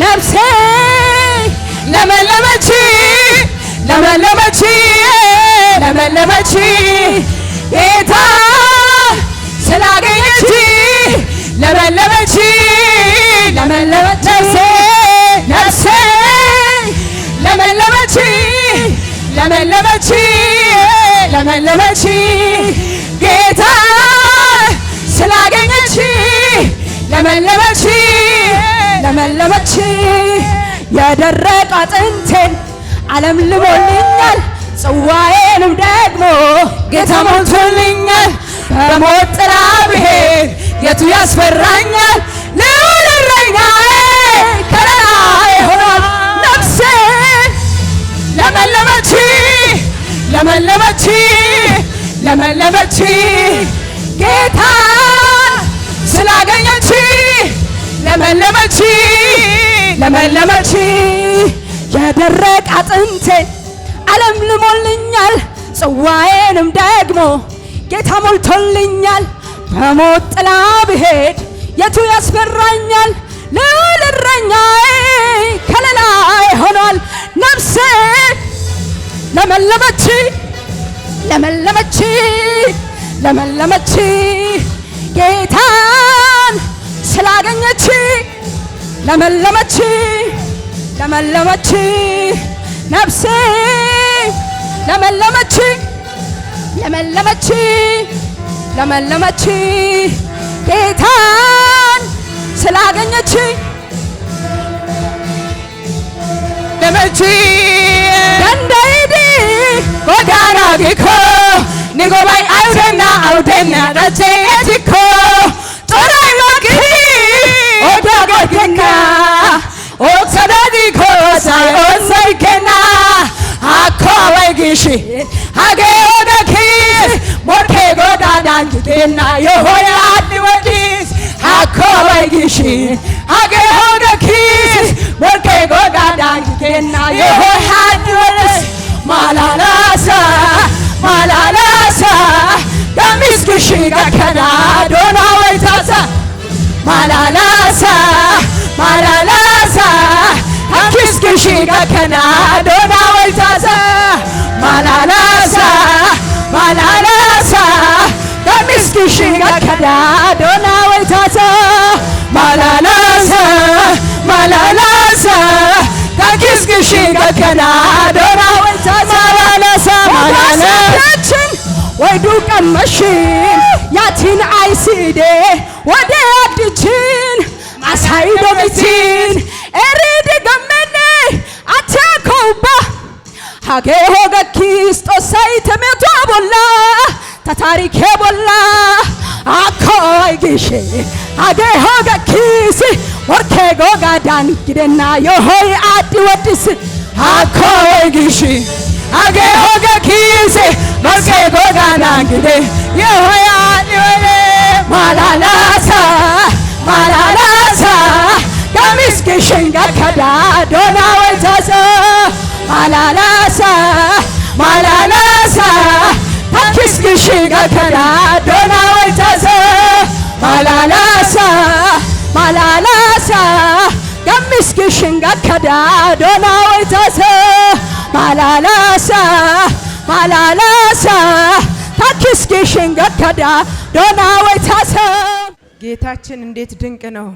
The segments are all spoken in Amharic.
ነፍሴ ለመለመች ለመለመች ለመለመች ጌታ ስላገኘች ለመለመች ለመለመች ነፍሴ ነፍሴ ለመለመች ለመለመች ለመለመች ጌታ ስላገኘች ለመለመች ለመለመች የደረቀ አጥንቴን ዓለም ልሞልኛል፣ ጽዋዬንም ደግሞ ጌታ ሞልቶልኛል። በሞት ጥላ ብሄድ የቱ ያስፈራኛል? ልዑል እረኛዬ ከለላዬ ሆኗል። ነፍሴ ለመለመች ለመለመች ለመለመች ጌታ ስላገኘችኝ ለመለመች ለመለመች የደረቅ አጥንቴ ዓለም ልሞልኛል፣ ጽዋዬንም ደግሞ ጌታ ሞልቶልኛል። በሞት ጥላ ብሄድ የቱ ያስፈራኛል? ልዑል እረኛዬ ከለላዬ ሆኗል። ነፍሴ ለመለመች ለመለመች ለመለመች ጌታን ስላገኘች ለመለመች ለመለመች ነፍሴ ለመለመች ለመለመች ለመለመች ጌታን ስላገኘች ለመች ደንደይዲ ጎዳና ቢኮ ንጎባይ አውደና አውደና ዳቼ ቲኮ ኦትሰደዲኮሳይ ኦትሰይኬና አኮወይጊሺ ሀጌ ሰከና ዶና ወይታሰ ማላላሳ ማላላሳ በሚስኪሽ ገከዳ ዶና ወይታሰ ማላላሳ ማላላሳ ከኪስኪሽ ገከና ዶና ወይታሰ ማላላሳ ማላላሳችን ወይዱ ቀመሽን ያቲን አይሲዴ ወደ አድችን አሳይዶሚቲን ካጌሆ ገኪስጦስ ሰይትሜቷ ቦላ ተታሪኬ ቦላ አኮይ ጊሼ አጌሆ ገኪስ ወርኬ ጎጋዳን ግደና የሆይ አዲ ወድስ አኮይ ጊሼ አጌሆ ገኪስ ወርኬ ጎጋዳን ግዴ የሆይ አዲ ወደ ማላላሳ ማላላሳ ገሚስ ግሽን ገከዳ ዶና ወይታሳ ማላላሳ ማላላሳ ታኪስግሽ ገከና ዶና ወይታሰ ማላላሳ ማላላሳ ገሚስግሽን ገከዳ ዶና ወይታሰ ማላላሳ ማላላሳ ታኪስግሽን ገከዳ ዶና ወይታሰ ጌታችን እንዴት ድንቅ ነው!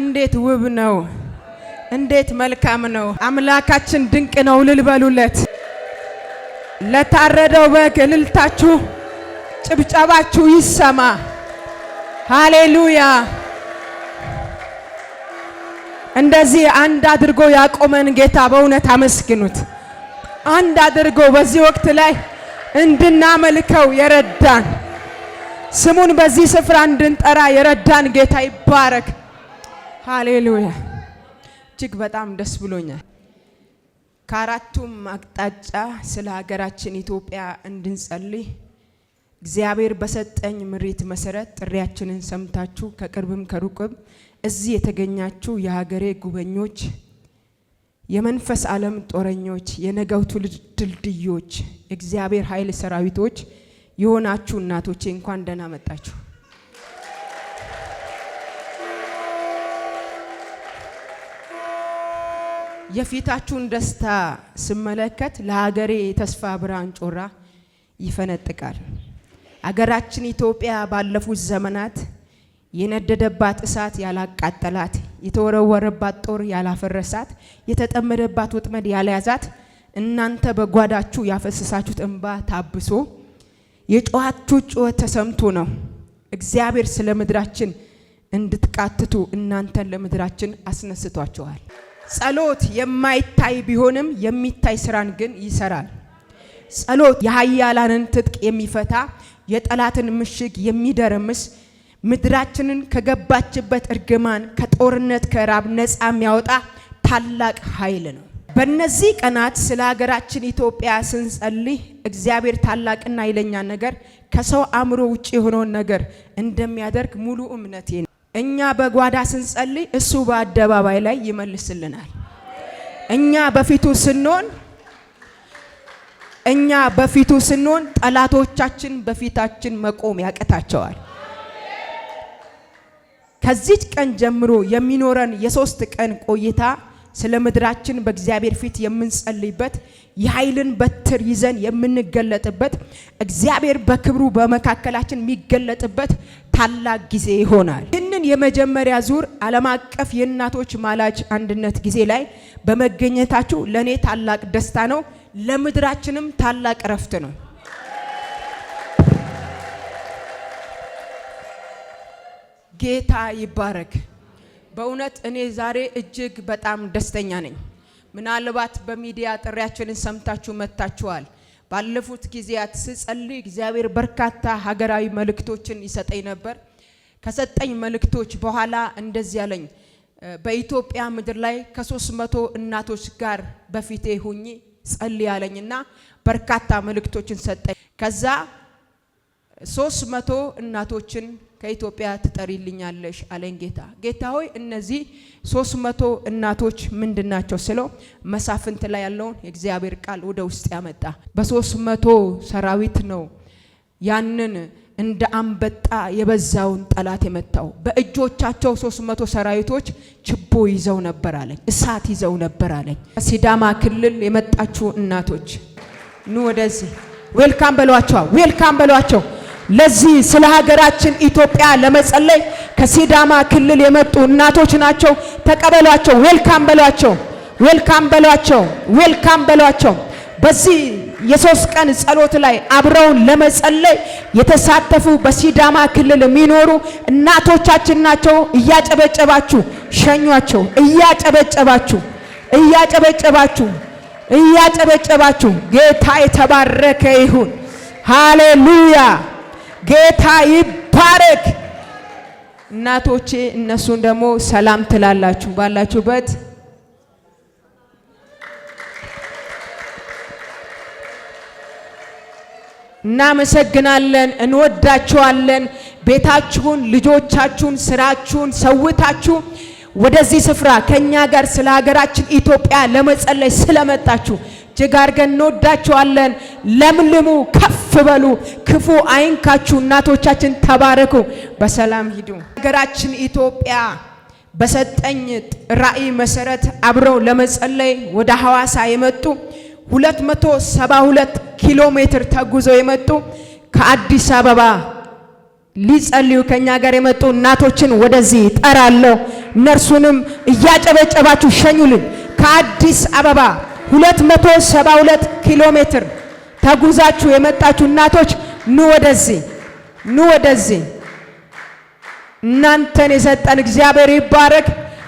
እንዴት ውብ ነው! እንዴት መልካም ነው አምላካችን ድንቅ ነው ልልበሉለት ለታረደው በግ እልልታችሁ ጭብጨባችሁ ይሰማ። ሃሌሉያ። እንደዚህ አንድ አድርጎ ያቆመን ጌታ በእውነት አመስግኑት። አንድ አድርጎ በዚህ ወቅት ላይ እንድናመልከው የረዳን ስሙን በዚህ ስፍራ እንድንጠራ የረዳን ጌታ ይባረክ። ሃሌሉያ እጅግ በጣም ደስ ብሎኛል። ከአራቱም አቅጣጫ ስለ ሀገራችን ኢትዮጵያ እንድንጸልይ እግዚአብሔር በሰጠኝ ምሪት መሰረት ጥሪያችንን ሰምታችሁ ከቅርብም ከሩቅም እዚህ የተገኛችሁ የሀገሬ ጉበኞች፣ የመንፈስ ዓለም ጦረኞች፣ የነገው ትውልድ ድልድዮች፣ እግዚአብሔር ኃይል ሰራዊቶች የሆናችሁ እናቶቼ እንኳን ደህና መጣችሁ። የፊታችሁን ደስታ ስመለከት ለሀገሬ የተስፋ ብርሃን ጮራ ይፈነጥቃል። አገራችን ኢትዮጵያ ባለፉት ዘመናት የነደደባት እሳት ያላቃጠላት፣ የተወረወረባት ጦር ያላፈረሳት፣ የተጠመደባት ወጥመድ ያልያዛት እናንተ በጓዳችሁ ያፈሰሳችሁት እንባ ታብሶ የጨዋችሁ ጩኸት ተሰምቶ ነው። እግዚአብሔር ስለ ምድራችን እንድትቃትቱ እናንተን ለምድራችን አስነስቷቸዋል። ጸሎት የማይታይ ቢሆንም የሚታይ ስራን ግን ይሰራል። ጸሎት የሀያላንን ትጥቅ የሚፈታ የጠላትን ምሽግ የሚደረምስ ምድራችንን ከገባችበት እርግማን ከጦርነት ከራብ ነፃ የሚያወጣ ታላቅ ኃይል ነው። በእነዚህ ቀናት ስለ ሀገራችን ኢትዮጵያ ስንጸልይ እግዚአብሔር ታላቅና ኃይለኛ ነገር ከሰው አእምሮ ውጭ የሆነውን ነገር እንደሚያደርግ ሙሉ እምነቴ ነው። እኛ በጓዳ ስንጸልይ እሱ በአደባባይ ላይ ይመልስልናል። እኛ በፊቱ ስንሆን እኛ በፊቱ ስንሆን ጠላቶቻችን በፊታችን መቆም ያቅታቸዋል። ከዚች ቀን ጀምሮ የሚኖረን የሶስት ቀን ቆይታ ስለ ምድራችን በእግዚአብሔር ፊት የምንጸልይበት የኃይልን በትር ይዘን የምንገለጥበት እግዚአብሔር በክብሩ በመካከላችን የሚገለጥበት ታላቅ ጊዜ ይሆናል። ይህንን የመጀመሪያ ዙር ዓለም አቀፍ የእናቶች ማላጅ አንድነት ጊዜ ላይ በመገኘታችሁ ለእኔ ታላቅ ደስታ ነው፣ ለምድራችንም ታላቅ እረፍት ነው። ጌታ ይባረክ። በእውነት እኔ ዛሬ እጅግ በጣም ደስተኛ ነኝ። ምናልባት በሚዲያ ጥሪያችንን ሰምታችሁ መጥታችኋል። ባለፉት ጊዜያት ስጸልይ እግዚአብሔር በርካታ ሀገራዊ መልእክቶችን ይሰጠኝ ነበር። ከሰጠኝ መልእክቶች በኋላ እንደዚህ ያለኝ በኢትዮጵያ ምድር ላይ ከሶስት መቶ እናቶች ጋር በፊቴ ሁኚ ጸልይ ያለኝና በርካታ መልእክቶችን ሰጠኝ ከዛ ሶስት መቶ እናቶችን ከኢትዮጵያ ትጠሪልኛለሽ አለኝ ጌታ። ጌታ ሆይ እነዚህ ሶስት መቶ እናቶች ምንድን ናቸው ስለው መሳፍንት ላይ ያለውን የእግዚአብሔር ቃል ወደ ውስጥ ያመጣ በሶስት መቶ ሰራዊት ነው ያንን እንደ አንበጣ የበዛውን ጠላት የመታው በእጆቻቸው ሶስት መቶ ሰራዊቶች ችቦ ይዘው ነበር አለኝ። እሳት ይዘው ነበር አለኝ። ሲዳማ ክልል የመጣችሁ እናቶች ኑ ወደዚህ ዌልካም በሏቸዋ፣ ዌልካም በሏቸው። ለዚህ ስለ ሀገራችን ኢትዮጵያ ለመጸለይ ከሲዳማ ክልል የመጡ እናቶች ናቸው። ተቀበሏቸው። ዌልካም በሏቸው። ዌልካም በሏቸው። ዌልካም በሏቸው። በዚህ የሶስት ቀን ጸሎት ላይ አብረውን ለመጸለይ የተሳተፉ በሲዳማ ክልል የሚኖሩ እናቶቻችን ናቸው። እያጨበጨባችሁ ሸኟቸው። እያጨበጨባችሁ እያጨበጨባችሁ እያጨበጨባችሁ ጌታ የተባረከ ይሁን። ሃሌሉያ ጌታ ይባረክ። እናቶቼ እነሱን ደግሞ ሰላም ትላላችሁ ባላችሁበት። እናመሰግናለን፣ እንወዳችኋለን። ቤታችሁን፣ ልጆቻችሁን፣ ስራችሁን ሰውታችሁ ወደዚህ ስፍራ ከኛ ጋር ስለ ሀገራችን ኢትዮጵያ ለመጸለይ ስለመጣችሁ እጅግ አድርገን እንወዳችኋለን። ለምልሙ ከፍ በሉ፣ ክፉ አይንካችሁ። እናቶቻችን ተባረኩ፣ በሰላም ሂዱ። ሀገራችን ኢትዮጵያ በሰጠኝ ራዕይ መሰረት አብረው ለመጸለይ ወደ ሐዋሳ የመጡ 272 ኪሎ ሜትር ተጉዘው የመጡ ከአዲስ አበባ ሊጸልዩ ከኛ ጋር የመጡ እናቶችን ወደዚህ ጠራለሁ። እነርሱንም እያጨበጨባችሁ ሸኙልኝ። ከአዲስ አበባ 272 ኪሎ ሜትር ተጉዛችሁ የመጣችሁ እናቶች ኑ ወደዚህ ኑ ወደዚህ። እናንተን የሰጠን እግዚአብሔር ይባረክ።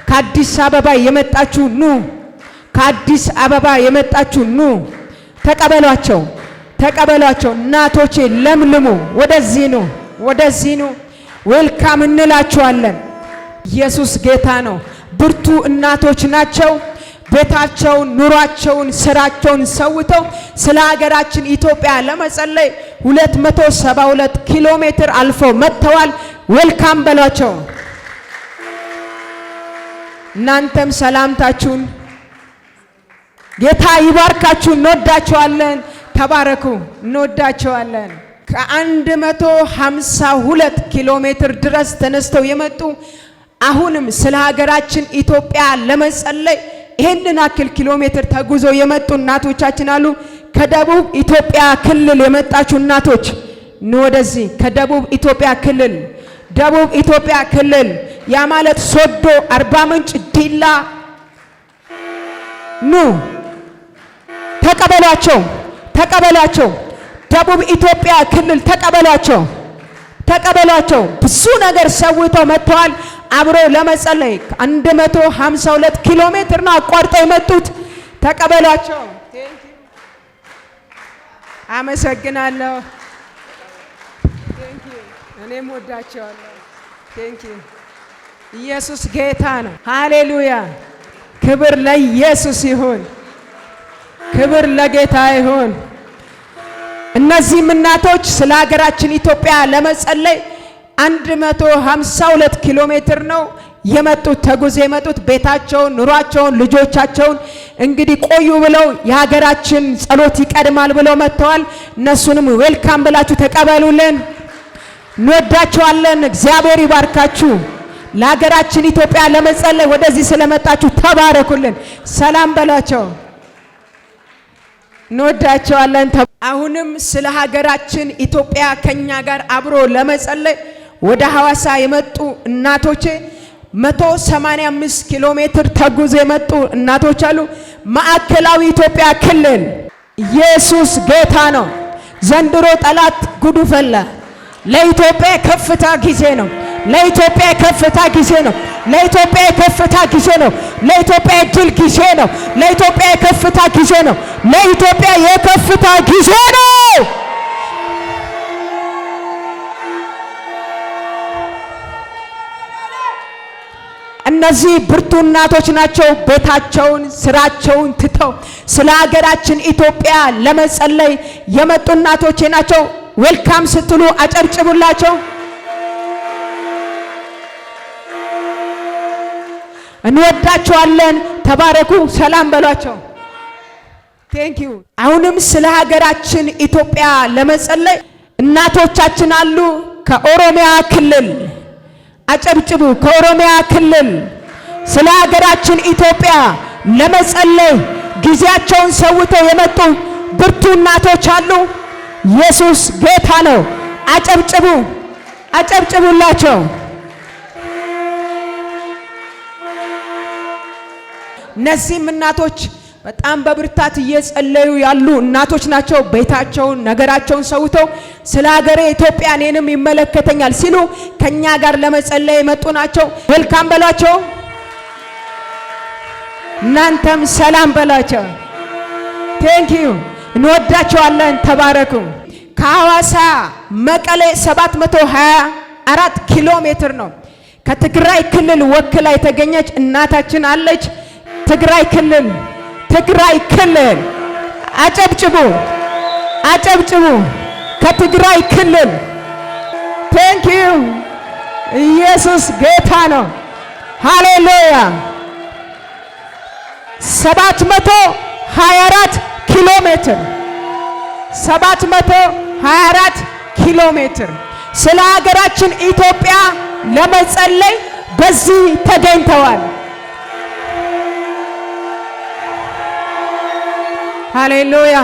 ከአዲስ አበባ የመጣችሁ ኑ፣ ከአዲስ አበባ የመጣችሁ ኑ። ተቀበሏቸው፣ ተቀበሏቸው። እናቶቼ ለምልሙ። ወደዚህ ኑ፣ ወደዚህ ኑ። ዌልካም እንላችኋለን። ኢየሱስ ጌታ ነው። ብርቱ እናቶች ናቸው። ቤታቸውን፣ ኑሯቸውን፣ ስራቸውን ሰውተው ስለ ሀገራችን ኢትዮጵያ ለመጸለይ 272 ኪሎ ሜትር አልፈው መጥተዋል። ዌልካም በሏቸው። እናንተም ሰላምታችሁን ጌታ ይባርካችሁ። እንወዳቸዋለን። ተባረኩ። እንወዳቸዋለን። ከአንድ መቶ ሀምሳ ሁለት ኪሎ ሜትር ድረስ ተነስተው የመጡ አሁንም ስለ ሀገራችን ኢትዮጵያ ለመጸለይ ይሄንን አክል ኪሎ ሜትር ተጉዞ የመጡ እናቶቻችን አሉ። ከደቡብ ኢትዮጵያ ክልል የመጣችሁ እናቶች ኑ ወደዚህ። ከደቡብ ኢትዮጵያ ክልል ደቡብ ኢትዮጵያ ክልል ያ ማለት ሶዶ፣ አርባ ምንጭ፣ ዲላ ኑ ተቀበሏቸው፣ ተቀበሏቸው። ደቡብ ኢትዮጵያ ክልል ተቀበሏቸው፣ ተቀበሏቸው። ብዙ ነገር ሰውተው መጥተዋል። አብሮ ለመጸለይ 152 ኪሎ ሜትር ነው አቋርጠው የመጡት። ተቀበሏቸው። አመሰግናለሁ። እኔም ወዳቸዋለሁ። ኢየሱስ ጌታ ነው። ሃሌሉያ! ክብር ለኢየሱስ ይሁን። ክብር ለጌታ ይሁን። እነዚህም እናቶች ስለ ሀገራችን ኢትዮጵያ ለመጸለይ አንድ መቶ ሀምሳ ሁለት ኪሎ ሜትር ነው የመጡት ተጉዞ የመጡት ቤታቸውን፣ ኑሯቸውን፣ ልጆቻቸውን እንግዲህ ቆዩ ብለው የሀገራችን ጸሎት ይቀድማል ብለው መጥተዋል። እነሱንም ዌልካም ብላችሁ ተቀበሉልን። እንወዳችኋለን። እግዚአብሔር ይባርካችሁ። ለሀገራችን ኢትዮጵያ ለመጸለይ ወደዚህ ስለመጣችሁ ተባረኩልን። ሰላም በላቸው። እንወዳቸዋለን። አሁንም ስለ ሀገራችን ኢትዮጵያ ከኛ ጋር አብሮ ለመጸለይ ወደ ሐዋሳ የመጡ እናቶች 185 ኪሎ ሜትር ተጉዝ የመጡ እናቶች አሉ። ማዕከላዊ ኢትዮጵያ ክልል ኢየሱስ ጌታ ነው። ዘንድሮ ጠላት ጉዱ ፈላ። ለኢትዮጵያ ከፍታ ጊዜ ነው። ለኢትዮጵያ ከፍታ ጊዜ ነው። ለኢትዮጵያ ከፍታ ጊዜ ነው። ለኢትዮጵያ የድል ጊዜ ነው። ለኢትዮጵያ ከፍታ ጊዜ ነው። ለኢትዮጵያ የከፍታ ጊዜ ነው። እነዚህ ብርቱ እናቶች ናቸው። ቤታቸውን፣ ስራቸውን ትተው ስለ ሀገራችን ኢትዮጵያ ለመጸለይ የመጡ እናቶቼ ናቸው። ዌልካም ስትሉ አጨብጭቡላቸው። እንወዳቸዋለን። ተባረኩ። ሰላም በሏቸው። ቴንክ አሁንም ስለ ሀገራችን ኢትዮጵያ ለመጸለይ እናቶቻችን አሉ ከኦሮሚያ ክልል አጨብጭቡ። ከኦሮሚያ ክልል ስለ ሀገራችን ኢትዮጵያ ለመጸለይ ጊዜያቸውን ሰውተው የመጡ ብርቱ እናቶች አሉ። ኢየሱስ ጌታ ነው። አጨብጭቡ፣ አጨብጭቡላቸው። እነዚህም እናቶች በጣም በብርታት እየጸለዩ ያሉ እናቶች ናቸው። ቤታቸውን፣ ነገራቸውን ሰውተው ስለ ሀገሬ ኢትዮጵያ እኔንም ይመለከተኛል ሲሉ ከኛ ጋር ለመጸለይ የመጡ ናቸው። ወልካም በሏቸው፣ እናንተም ሰላም በሏቸው። ቴንክ ዩ እንወዳቸዋለን። ተባረኩ። ከሐዋሳ መቀሌ 724 ኪሎ ሜትር ነው። ከትግራይ ክልል ወክላ የተገኘች እናታችን አለች። ትግራይ ክልል ትግራይ ክልል አጨብጭቡ፣ አጨብጭቡ። ከትግራይ ክልል ዩ። ኢየሱስ ጌታ ነው። ሃሌሉያ። ሰባት መቶ ሀያ አራት ኪሎ ሜትር ሰባት መቶ ሀያ አራት ኪሎ ሜትር ስለ ሀገራችን ኢትዮጵያ ለመጸለይ በዚህ ተገኝተዋል። ሃሌሉያ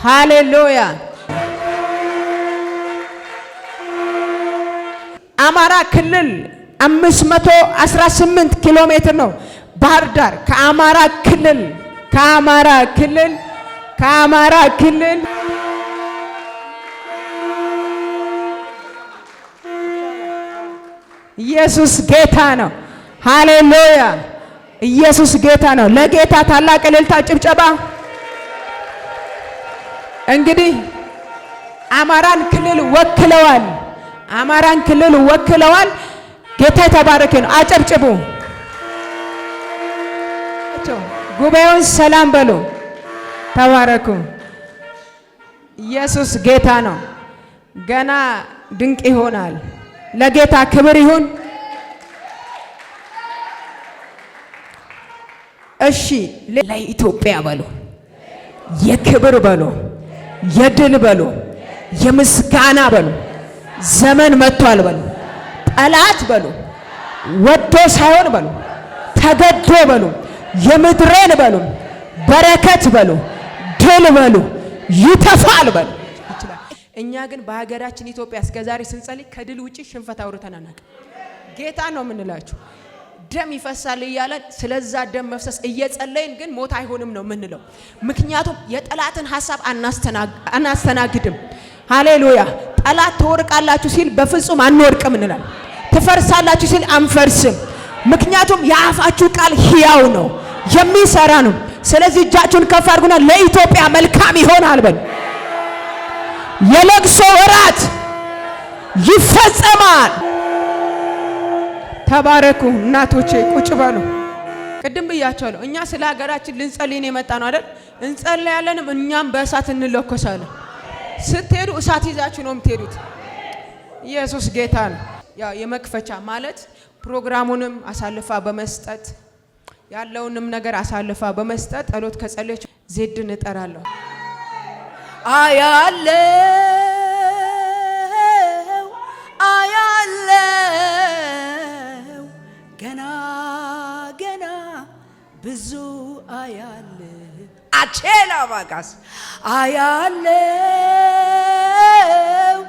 ሃሌሉያ። አማራ ክልል 518 ኪሎ ሜትር ነው ባህር ዳር ከአማራ ክልል ከአማራ ክልል ከአማራ ክልል ኢየሱስ ጌታ ነው። ሃሌሉያ ኢየሱስ ጌታ ነው። ለጌታ ታላቅ እልልታ ጭብጨባ። እንግዲህ አማራን ክልል ወክለዋል። አማራን ክልል ወክለዋል። ጌታ የተባረከ ነው። አጨብጭቡ። ጉባኤውን ሰላም በሉ። ተባረኩ። ኢየሱስ ጌታ ነው። ገና ድንቅ ይሆናል። ለጌታ ክብር ይሁን። እሺ ለኢትዮጵያ በሉ፣ የክብር በሉ፣ የድል በሉ፣ የምስጋና በሉ። ዘመን መጥቷል በሉ፣ ጠላት በሉ፣ ወዶ ሳይሆን በሉ፣ ተገዶ በሉ፣ የምድሬን በሉ፣ በረከት በሉ፣ ድል በሉ፣ ይተፋል በሉ። እኛ ግን በሀገራችን ኢትዮጵያ እስከዛሬ ስንጸልይ ከድል ውጪ ሽንፈት አውርተን አናውቅም። ጌታ ነው የምንላችሁ። ደም ይፈሳል እያለን ስለዛ ደም መፍሰስ እየጸለይን ግን ሞት አይሆንም ነው የምንለው። ምክንያቱም የጠላትን ሀሳብ አናስተናግድም። ሃሌሉያ። ጠላት ትወርቃላችሁ ሲል በፍጹም አንወርቅም እንላል። ትፈርሳላችሁ ሲል አንፈርስም። ምክንያቱም የአፋችሁ ቃል ሕያው ነው፣ የሚሰራ ነው። ስለዚህ እጃችሁን ከፍ አድርጉና ለኢትዮጵያ መልካም ይሆናል በል። የለቅሶ ወራት ይፈጸማል። ተባረኩ እናቶቼ፣ ቁጭ በሉ። ቅድም ብያቸዋለሁ። እኛ ስለ ሀገራችን ልንጸልይን የመጣ ነው አይደል? እንጸልያለንም፣ እኛም በእሳት እንለኮሳለን። ስትሄዱ እሳት ይዛችሁ ነው የምትሄዱት። ኢየሱስ ጌታ ነው። ያው የመክፈቻ ማለት ፕሮግራሙንም አሳልፋ በመስጠት ያለውንም ነገር አሳልፋ በመስጠት ጸሎት ከጸለች ዜድን እጠራለሁ አያለ ብዙ አያለ አቼላ ባጋስ አያለው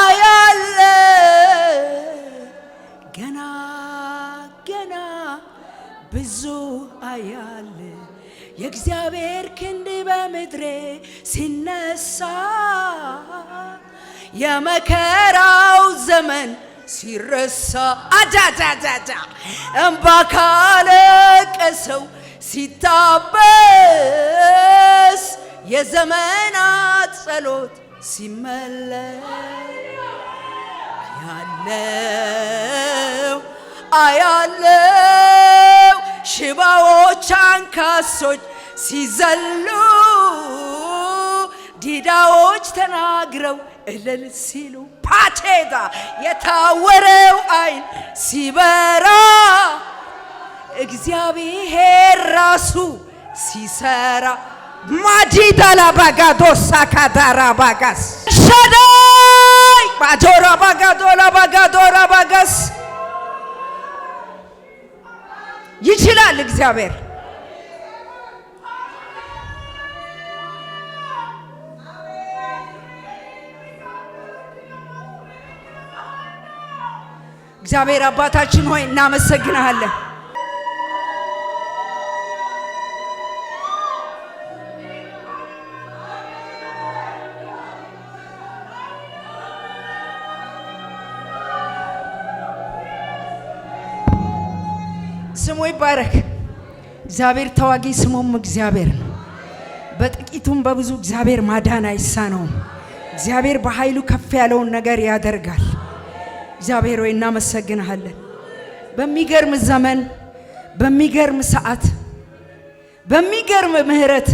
አያለ ገና ገና ብዙ አያለ የእግዚአብሔር ክንድ በምድሬ ሲነሳ የመከራው ዘመን ሲረሳ አጃጃጃጃ እምባ ካለቀሰው ሲታበስ የዘመናት ጸሎት ሲመለስ አያለው አያለው ሽባዎች አንካሶች ሲዘሉ ዲዳዎች ተናግረው እልል ሲሉ ፓቴጋ የታወረው አይን ሲበራ እግዚአብሔር ራሱ ሲሰራ ማጂዳላ ባጋዶሳ ካዳራ ባጋስ ሸዳይ ባጆራ ባጋዶላ ባጋዶራ ባጋስ ይችላል እግዚአብሔር እግዚአብሔር አባታችን ሆይ እናመሰግናለን ስሙ ይባረክ። እግዚአብሔር ተዋጊ ስሙም እግዚአብሔር ነው። በጥቂቱም በብዙ እግዚአብሔር ማዳን አይሳነውም። እግዚአብሔር በኃይሉ ከፍ ያለውን ነገር ያደርጋል። እግዚአብሔር ሆይ እናመሰግንሃለን። በሚገርም ዘመን፣ በሚገርም ሰዓት፣ በሚገርም ምሕረት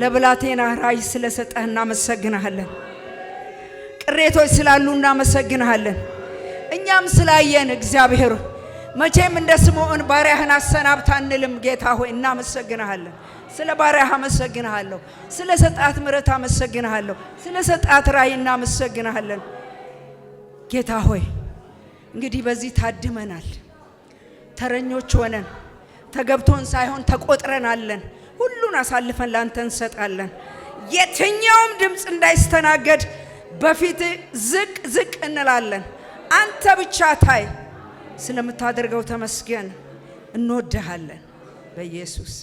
ለብላቴና ራይ ስለሰጠህ እናመሰግንሃለን። ቅሬቶች ስላሉ እናመሰግንሃለን። እኛም ስላየን እግዚአብሔር መቼም እንደ ስምዖን ባሪያህን አሰናብታ አንልም። ጌታ ሆይ እናመሰግንሃለን። ስለ ባሪያህ አመሰግንሃለሁ። ስለ ሰጣት ምሕረት አመሰግንሃለሁ። ስለ ሰጣት ራይ እናመሰግንሃለን። ጌታ ሆይ እንግዲህ በዚህ ታድመናል። ተረኞች ሆነን ተገብቶን ሳይሆን ተቆጥረን አለን። ሁሉን አሳልፈን ላንተ እንሰጣለን። የትኛውም ድምፅ እንዳይስተናገድ በፊት ዝቅ ዝቅ እንላለን። አንተ ብቻ ታይ። ስለምታደርገው ተመስገን። እንወድሃለን በኢየሱስ